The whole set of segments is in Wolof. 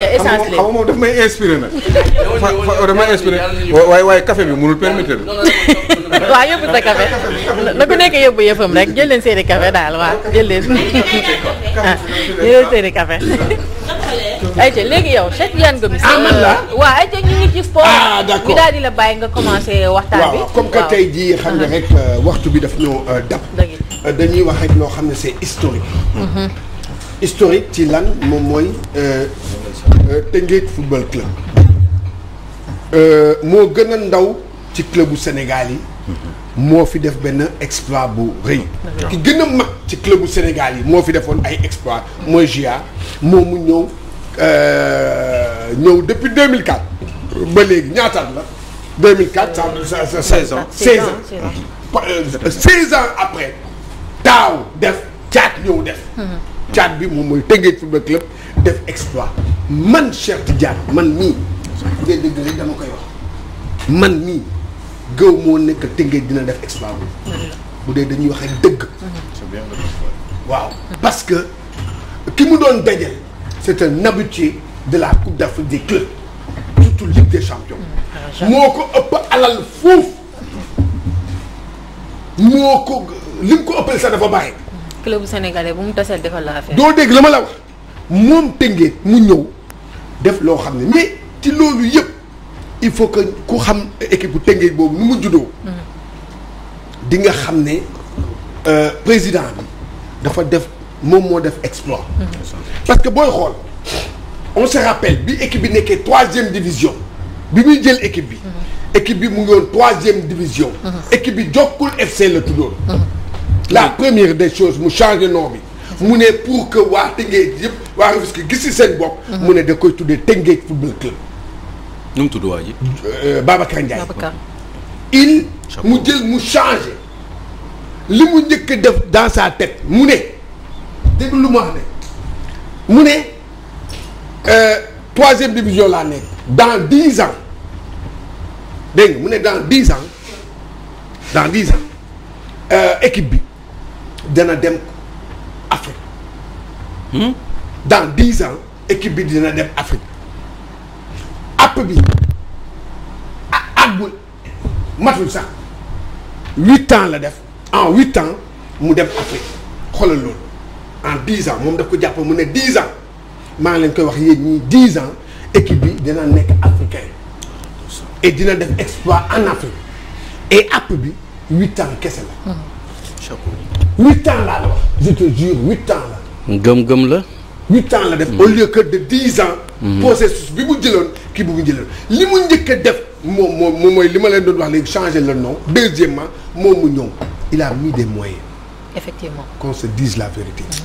essence xam nga moom daf may inspiré nag. daf may inspiré waaye waaye café bi mënul permettre. waaw yóbbu sa café na ku nekk yóbbu yëfam rek jël leen seeni café daal waaw jël leen ah jël leen seeni léegi yow Cheikh Tidiane Gomis. ah man ah, daal di la bàyyi nga commencé waxtaan bi. comme que tey ji xam nga ah. rek euh, waxtu bi daf ñoo euh, dab. Euh, dañuy wax rek loo xam ne c'est historique. Mm-hmm. historique ci lan moom mooy euh, euh, Tëngéej football club euh, moo gën a ndaw ci bu Sénégal yi moo fi def benn exploit bu rëy ki gën a mag ci clubu Sénégal yi moo fi defoon ay exploit mooy GIA moom mu ñëw ñëw depuis 2004 ba léegi ñaataat la 2004 ça 16 ans 16 ans 16 ans après taaw def caat ñëw def caat bi moom mooy Tëngéej football club def exploit man Cheikh Tidiane man mii bu dee dëgg la dama koy wax man mii gëw moo nekk Tëngéej dina def exploit bu dee dañuy wax ak dëgg waaw parce que ki mu doon dajal c'est un habitué de la coupe d'Afrique des clubs surtout Ligue des champions moo ko ëpp alal foofu moo ko li nga ko ëppale sax dafa baaxee club sénégalais bu mu taseel defal la affaire. doo dégg la ma la wax moom tëngee mu ñëw def loo xam ne mais ci loolu yëpp il faut que ku xam équipe bu tëngee boobu nu mu juddoo. di nga xam ne euh, président bi dafa def moom moo def exploit. parce que booy xool on se rappelle bi équipe bi nekkee troisième division bi muy jël équipe bi. Mm-hmm. équipe bi mu ngi woon troisième division. Mm-hmm. équipe bi Jokkul FC la tuddoon. Mm-hmm. la première des choses mu changé nom bi mu ne pour que waa Tëngéej yëpp waa Rufisque gis ci seen bopp mu ne de koy tuddee Tëngéej football club nu mu tudd waa ji euh, Babacar Ndiaye il mu jël mu change li mu njëkk a def dans sa tête mu ne dégg lu ma wax ne mu ne euh, troisième division laa nekk dans dix ans dégg mu ne dans dix ans dans dix ans euh, équipe bi dana dem Afrique. Hmm? dans dix ans équipe bi dina dem Afrique app bi at matul sax huit ans la def en huit ans mu dem Afrique xoolal loolu en dix ans moom daf ko jàpp mu ne dix ans maa ngi leen koy wax yéen ñii dix ans équipe bi dina nekk africain et dina def exploit en Afrique et app bi huit ans kese la. Hmm. chapeau huit ans la wax je te huit ans la. gëm-gëm la. huit ans la def au lieu que de dix ans. Mhm. processus bi mu jëloon kii bi mu jëloon li mu njëkk a def moom moom mooy li ma leen doon wax léegi changer le nom deuxièmement moom mu ñëw il a mis des moyens. effectivement qu'on se dise la vérité. Mhm.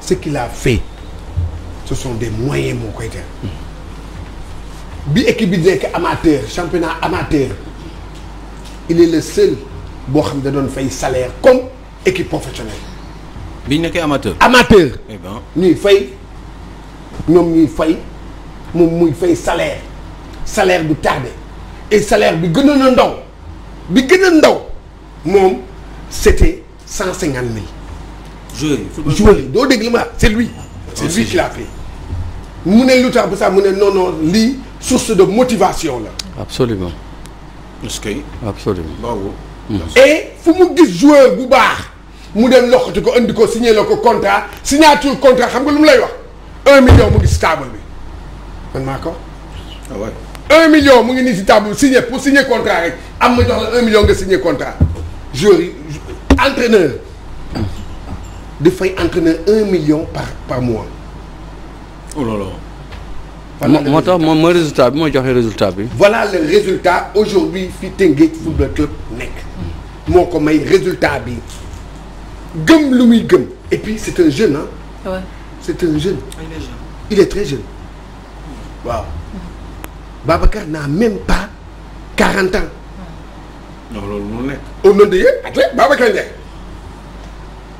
ce qu'il a fait ce sont des moyens moo koy def. bi équipe bi nekk amateur championnat amateur il est le seul. boo xam da doon fay salaire comme équipe bi biñ nekkee amateur. amateur. Eh ñuy fay ñoom ñuy fay moom muy fay salaire salaire bu tardé et salaire bi gënoon a ndaw bi gën a ndaw moom c'était cent cinquante mille. joueur yi joueur doo dégg li ma c'est lui. Ah, c'est lui qui l'a fait mu ne lu tax bu sax mu ne non lii source de motivation la. absolument. et fu mu gis joueur bu baax mu dem loxati ko indi ko signé la ko contrat signature contrat xam nga lu mu lay wax un million mu ngi si bi man maa ko waaw ah un million mu ngi nii si table signé pour signer contrat rek am ma jox la un million nga signer contrat joueur yi entraîneur dafay entraîneur un million par par mois. oh moo tax moom mooy résultat bi moo joxe résultat bi. voilà le résultat aujourd'hui fi Teungueth Football Club nekk. moo ko may résultat bi gëm lu muy gëm. et c'est un jeune c'est un jeune. il est jeune il jeune waaw. Babacar n'a même pas quarante ans. non loolu mënul nekk. au nom de yéen athlète Babacar Ndiaye.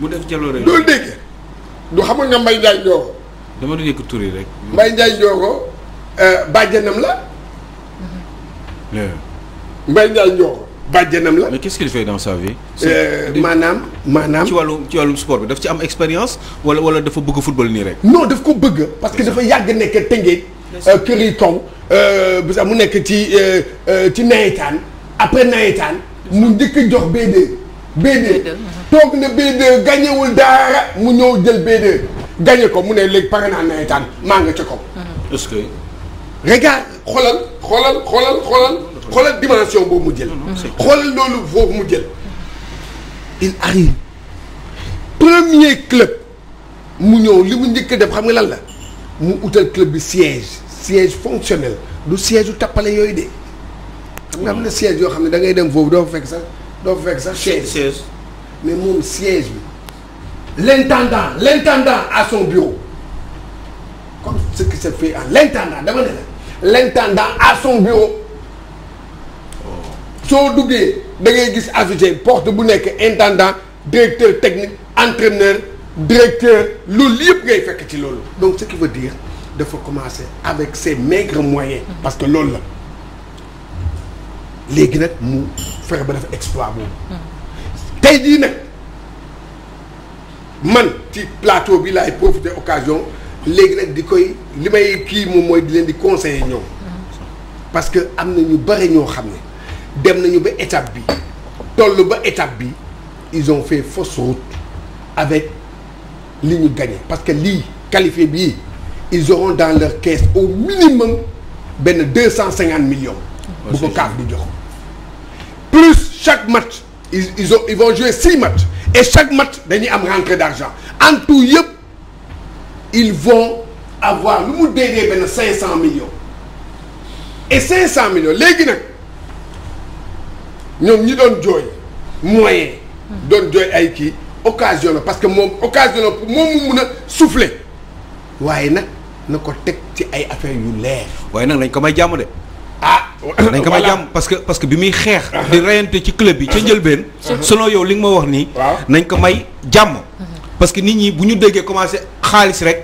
mu def jaloore loolu dégg du xamul nga Mbaye Ndiaye ñoo. dama doon yëkk tur yi rek. Mbaye Ndiaye Ndiogo euh, bàjjanam la. Mbaye Ndiaye Ndiogo bàjjanam la. mais qu'est-ce qu'il fait dans sa vie. Euh, maanaam maanaam. ci wàllu ci wàllum sport bi daf ci am expérience wala wala dafa bëgg football nii rek. non daf ko bëgg. parce que dafa yàgg nekk Tëngéej. Euh, kër yi kaw bu sax mu nekk ci ci nawetaan après nawetaan mu njëkk jox B2. B2 uh-huh. toog gañewul daara mu ñëw jël b gagné ko mu ne léegi pare naa nawetaan maa nga ca kaw. est que. regarde xoolal xoolal xoolal xoolal xoolal dimension boobu mu jël. Mhm. xoolal loolu foofu mu jël. il arrive premier club mu ñëw li mu njëkk def xam nga lan la mu utal club bi siège siège fonctionnel du siège u tappale yooyu de. xam nga am na siège yoo xam ne da ngay dem foofu doo fa fekk sax doo fa fekk sax. siège mais moom siège bi. l'intendant l'intendant à son bureau comme ce qui se fait en l'intendant dama ne la l'intendant à son bureau oh. soo duggee da gis affiché porte bu nekk intendant directeur technique entreneur directeur loolu yëpp ngay fekk ci loolu donc ce qui veut dire dafa commencer avec ses maigres moyens parce que loolu la léegi nag mu fexe ba dafa exploit boobu hmm. tey jii nag man ci plateau bi laay profité occasion léegi nag di koy li may kii moom mooy di leen di conseiller ñoom parce que am na ñu bare ñoo xam ne dem nañu ba étape bi toll ba étape bi ils ont fait fausse route avec li ñu gagné parce que lii qualifié bii ils auront dans leur caisse au minimum benn deux cent cinquante millions bu ko kaaf du jox plus chaque match ils ils ont ils jouer six matchs et chaque match dañuy am rentrée d'argent en tout yëpp ils vont avoir lu mu déedee benn cinq cent millions et cinq cent millions léegi nag ñoom ñi doon jooy moyen doon jooy ay kii occasion parce que moom occasion la pour moom mu mun a souffler waaye nag na ko teg ci ay affaire yu leer waaye nag lañ ko may jàmm de ah dañ ko may jàmm parce que parce que bi muy xeex. Ah. di reyante ci club bi ca ah. njëlbeen. Ah. selon yow li nga ma wax nii. nañ ko may jàmm. parce que nit ñi bu ñu déggee commencé xaalis rek.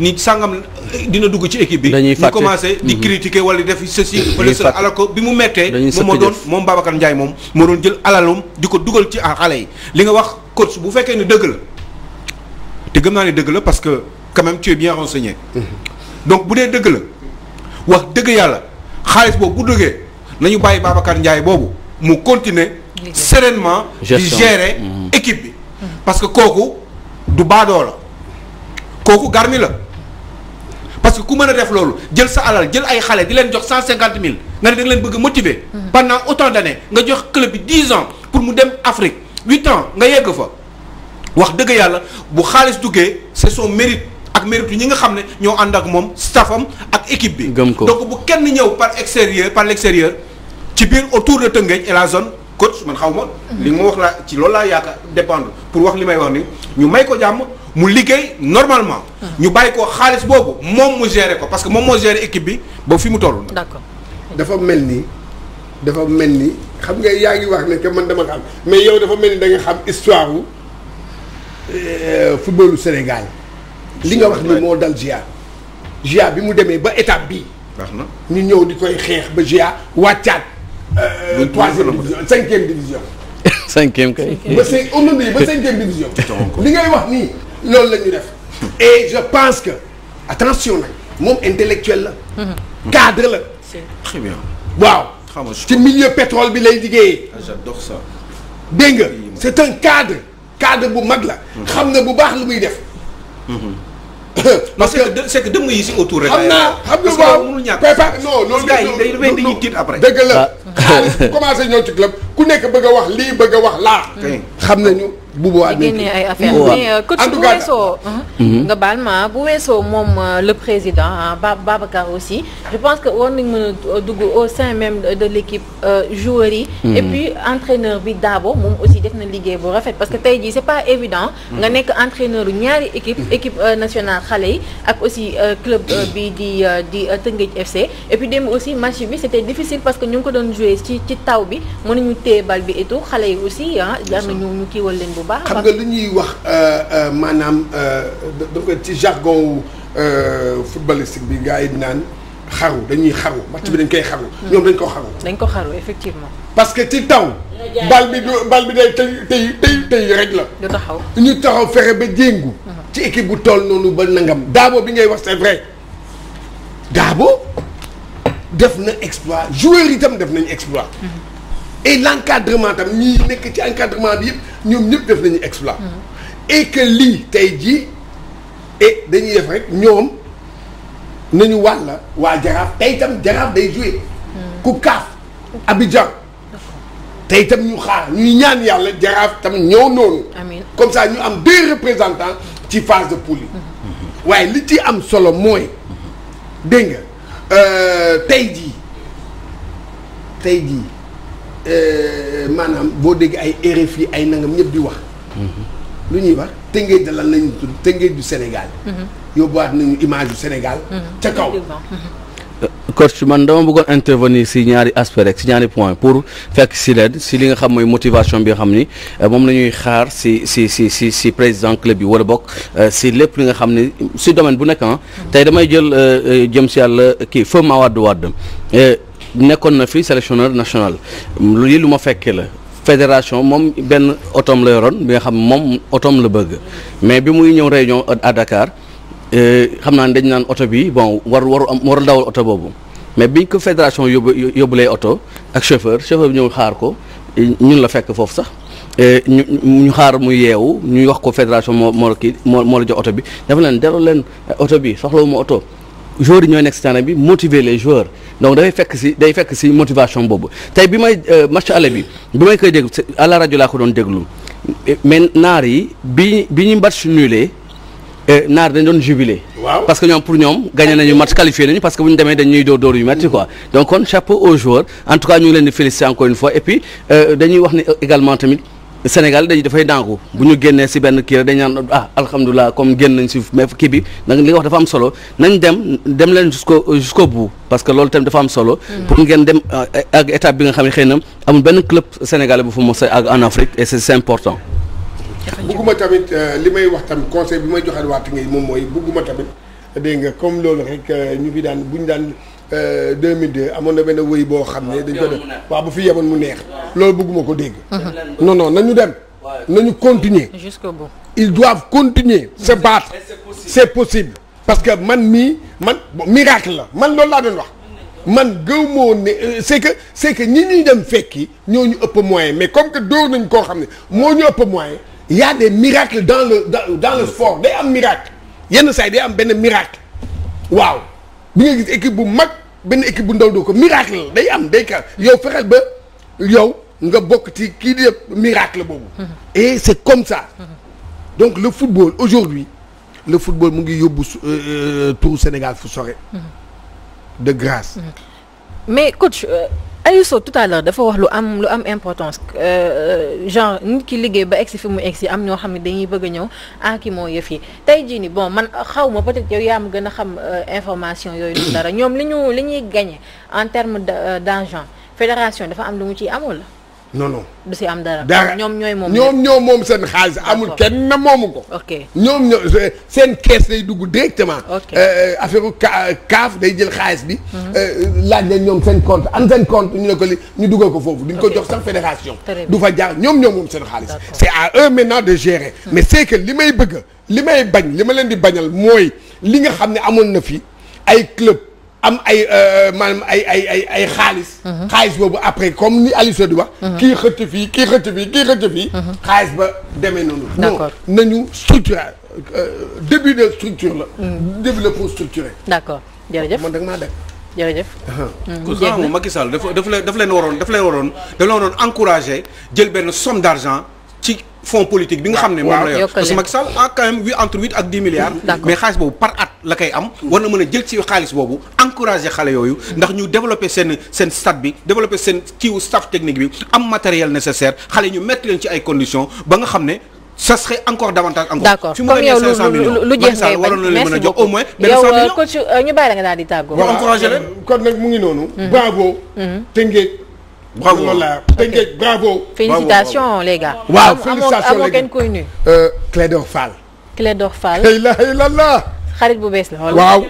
nit sàngam eh, dina dugg ci équipe bi. dañuy fàtte commencé di mm-hmm. critiquer wala di def ceci wala cela alors que bi mu mettee. moom moo doon moom Babacar Ndiaye moom. moo doon jël alalum di ko dugal ci xale yi li nga wax coach bu fekkee ne dëgg la te gëm naa ne dëgg la parce que quand même tu es bien renseigné. Mm-hmm. donc bu dee dëgg la wax dëgg yàlla. xaalis boobu bu duggee nañu bàyyi Babacar Ndiaye boobu mu continuer sereinement di gérer mm-hmm. équipe bi parce que kooku du baadoo la kooku garmi la parce que ku mën a def loolu jël sa alal jël ay xale di leen jox cent cinquante mille nga ne da nga leen bëgg a motiver mm-hmm. pendant autant d'années nga jox club bi dix ans pour mu dem Afrique huit ans nga yegg fa wax dëgg yàlla bu xaalis duggee saison son mérite ak méritu ñi nga xam ne ñoo ànd ak moom staffam ak équipe bi. gëm ko bu kenn ñëw par extérieur par l'extérieur ci biir autour de Tëngéej et la zone coach man xaw ma. li ma wax laa ci loolu laa yaakaar dépendre pour wax li may wax ni ñu may ko jàmm mu liggéey normalement. Ah. ñu bàyyi ko xaalis boobu moom mu gérer ko parce que moom moo gérer équipe bi ba fi mu toll. d'accord dafa mel ni dafa mel ni xam nga yaa ngi wax ne que man dama xam mais yow dafa mel ni da nga xam histoire wu euh, footballu li nga wax ni moo dal GIA GIA bi mu demee ba étape bii. ñu ñëw di koy xeex ba GIA wàccaat. Euh, troisième division cinquième division. cinquième kay. ba cin omnandi ba cinquième division. li ngay wax nii loolu la ñu def. et je pense que attention nag moom intellectuel la. Mhm. cadre la. très bien. waaw ci milieu pétrole bi lay liggéeyee. Ah, j'adore ça. dégg nga c'est un cadre cadre bu mag la. Mhm. xam na bu baax lu muy def. Mhm. parce que c'est que dëmm yi si autour rek. xam naa xam nga waaw parce que mënul ñàkk. non loolu day day dañuy tiit après. dëgg la ah. commencé ñëw ci club. ku nekk bëgg a wax lii bëgg a wax laa. xam nañu bu boobaa. génnee ay affaire mais euh, en tout cas bu weesoo. Mhm. nga baal ma bu weesoo moom euh, le président ba Babacar aussi je pense que war nañ mën a dugg au sein même de l' équipe euh, joueurs yi. Mhm. et puis entraîneur bi Dabo moom aussi def na liggéey bu rafet parce que tey jii c' est pas évident. Mhm. nga nekk entraîneur ñaari équipe équipe nationale xale yi ak aussi club bi di di Tëngéej FC et puis démb aussi match bi c' était difficile parce que ñu ngi ko doon joué ci ci taw bi mënuñu. téye bal bi et xale yi aussi ah. jar na ñu ñu kiiwal leen bu baax. xam nga lu ñuy wax euh, euh, maanaam euh, dafa ci jargon footballistique bi gars yi naan xaru dañuy xaru. match bi mm. dañ koy xaru. Mm. ñoom dañ ko xaru. dañ ko xaru effectivement. parce que ci taw. bal bi du bi day tey tey tey tey rek la. du taxaw ñu taxaw fexe ba jéngu. Mm-hmm. ci équipe bu tool noonu ba nangam. daabo bi ngay wax c'est vrai daabo def na exploit joueur tam def nañu exploit. Mm-hmm. et l' tam ñi nekk ci encadrement bi yëpp ñoom ñëpp def nañu exploit mm-hmm. et que lii tey jii et dañuy def rek ñoom nañu wàll waa jaraaf tey tam jaraaf day joué mm-hmm. ku kaaf Abidjan tey tam ñu xaar ñuy ñaan yàlla jaraaf tam ñoo noonu amiin comme ça ñu am deux représentants ci phase de poule mm-hmm. waaye li ci am solo mooy dégg nga euh, tey jii tey jii Euh, maanaam boo dégg ay RFI ay nangam ñëpp di wax. Mm-hmm. lu ñuy wax Tëngéej dalal nañu tudd Tëngéej Sénégal. Mm-hmm. yóbbuwaat nañu image du Sénégal. Mm-hmm. ca kaw. Euh, coach man dama bëggoon intervenir si ñaari aspect rek si ñaari point pour fekk si leen si li nga xam mooy motivation bi nga xam ni euh, moom la ñuy xaar si si si si si président club bi wala bokk si lépp li nga xam ni si domaine bu nekk ah. tey damay jël jëm si yàlla kii feu Mawadou Wade. nekkoon na fi sélectionneur national lu yi lu ma fekkee la fédération moom benn otom la yoroon bi nga xam moom otom la bëgg mais bi muy ñëw réunion à Dakar euh, xam naa ne dañ naan oto bi bon war waru am waru dawal oto boobu mais biñ ko fédération yóbbu yóbbulee oto ak chauffeur chauffeur bi ñëw xaar ko ñun la fekk foofu sax euh, ñu ñu xaar mu yeewu ñu wax ko fédération moo moo kii moo moo la jox oto bi dafa leen delloo leen oto bi soxlawu ma oto joueurs yi ñooy nekk si bi motiver les joueurs donc dafay fekk si day fekk si motivation boobu tey bi may euh, match aller bi bi may koy déglu à la rajo laa ko doon déglu mais naar yi bi bi ñu match nulé euh, naar dañ doon jubilé. waaw parce que ñoom pour ñoom gagné nañu match qualifié nañu parce que bu demee dañuy dóor dóor yu metti quoi donc kon chapeau aux joueurs en tout cas ñu leen di féliciter encore une fois et puis euh, dañuy wax ne également tamit. Sénégal dañuy dafay ndànku bu ñu génnee si benn kii rek dañ naan ah alhamdulilah comme génn nañ si mais kii bi li nga wax dafa am solo nañ dem dem leen jusqu'au jusqu'au parce que loolu tamit dafa am solo. Mm. pour ngeen dem euh, ak étape bi nga xam ne xëy na amul benn club sénégalais bu fa mos ak en Afrique et c'est important. bugguma tamit euh, li may wax tamit conseil bi may joxaat waat ngay moom mooy bugguma tamit dégg comme loolu rek euh, ñu fi daan bu ñu daan. 2002 euh, amoon na benn wëy boo xam ne dañ ko def waaw bu fi yemoon mu neex loolu bëgguma ko dégg non non nañu dem nañu continuer jusqu'au bout ils doivent continuer se battre c'est possible parce que man mii man miracle la man loolu laa doon wax man gëw moo ne euh, c'est que c'est que ñi ñuy dem fekki ñoo ñu ëpp moyen mais comme que dóor nañ koo xam ne moo ñu ëpp moyen y a des dans le dans, dans le sport day am miracle yenn saa yi day am benn miracle waaw bi nga benn équipe bu ndaw doo ko miracle la day am day ka yow fexeel ba yow nga bokk ci kii di miracle boobu. Mhm. et c' comme ça. Mhm. donc le football aujourd'hui le football mu ngi yóbbu euh, euh, turu Sénégal fu sore. Mhm. de grâce. mais coach. Euh, Ayuso tout à l'heure dafa wax lu am lu am importance euh, euh, genre nit ki liggéey ba egsi fi mu egsi am ñoo xam ne dañuy bëgg a ñëw enki moo yëf yi tey jii nii bon man xaw ma peut-être yow yaa ma gën a xam euh, information yooyu lu dara ñoom li ñu li ñuy gagner en terme d'argent fédération dafa am lu mu ciy amul non non. du si am dara ñoom ñooy moom ñoom ñoo moom seen xaalis amul kenn na moomu ko. ok ñoom ñoo seen kees lay dugg directement. ok euh, euh, affaire kaaf day jël xaalis bi. Mhm. Euh, laaj leen ñoom seen compte am seen compte ñu ne ko li ñu dugal ko foofu. duñ ko jox sax fédération. du fa jaar ñoom ñoo moom seen xaalis. c'est à eux maintenant de gérer. Mhm. mais c'est que li may bëgg li may bañ li ma leen di bañal mooy li nga xam ne amoon na fi ay club. am ay euh, maanaam ay ay ay ay xaalis. Mhm. xaalis boobu après comme ni Aliou di wax. Mhm. kii xëtt fii kii xëtt fii kii xëtt fii. Mhm. xaalis ba demee noonu. d'accord non nañu structuré euh, début de structure la. début la pour structurer. d'accord jërëjëf man danga maa def. jërëjëf. jeex na Macky Sall dafa dafa leen waroon dafa leen waroon dafa leen waroon encourager jël benn somme d'argent. fonds politique bi nga xam ne moom la yor parce a quand même huit entre huit ak dix milliards mais xaalis boobu par at la koy am war na mën a jël ci xaalis boobu encourager xale yooyu ndax ñu développer seen seen stade bi développer seen kiiwu staff technique bi am matériel nécessaire xale ñu mettre leen ci ay conditions ba nga xam ne sa serait encore davantage encore. d'accord comme yow lu jeex ngay bañ merci beaucoup au moins benn 100 millions ñu bàyyi la nga daal di bravo voilà Tëngéej bravo. félicitations les gars. waaw félicitations amoo kenn koy nuyu. Euh, Clédor Fall. Clédor Fall. hey la hey la la. xarit bu bees la xool. waaw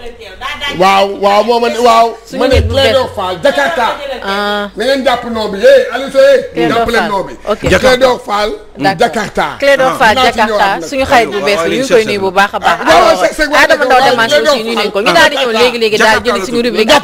waaw waaw moo ma ne waaw. ma ne Clédor Fall Jakarta. Ah. na ngeen noo bi yee eh, Aliou Seye. jàpp leen noo bi. ok Clédor Fall. Jakarta. Clédor Fall Jakarta ah. suñu xarit bu bees la ñu koy nuyu bu baax a baax. waaw ah, waaw Adama Ndao demante aussi nuyu ko ñu daal di ñëw léegi léegi daal jëli suñu rubrique.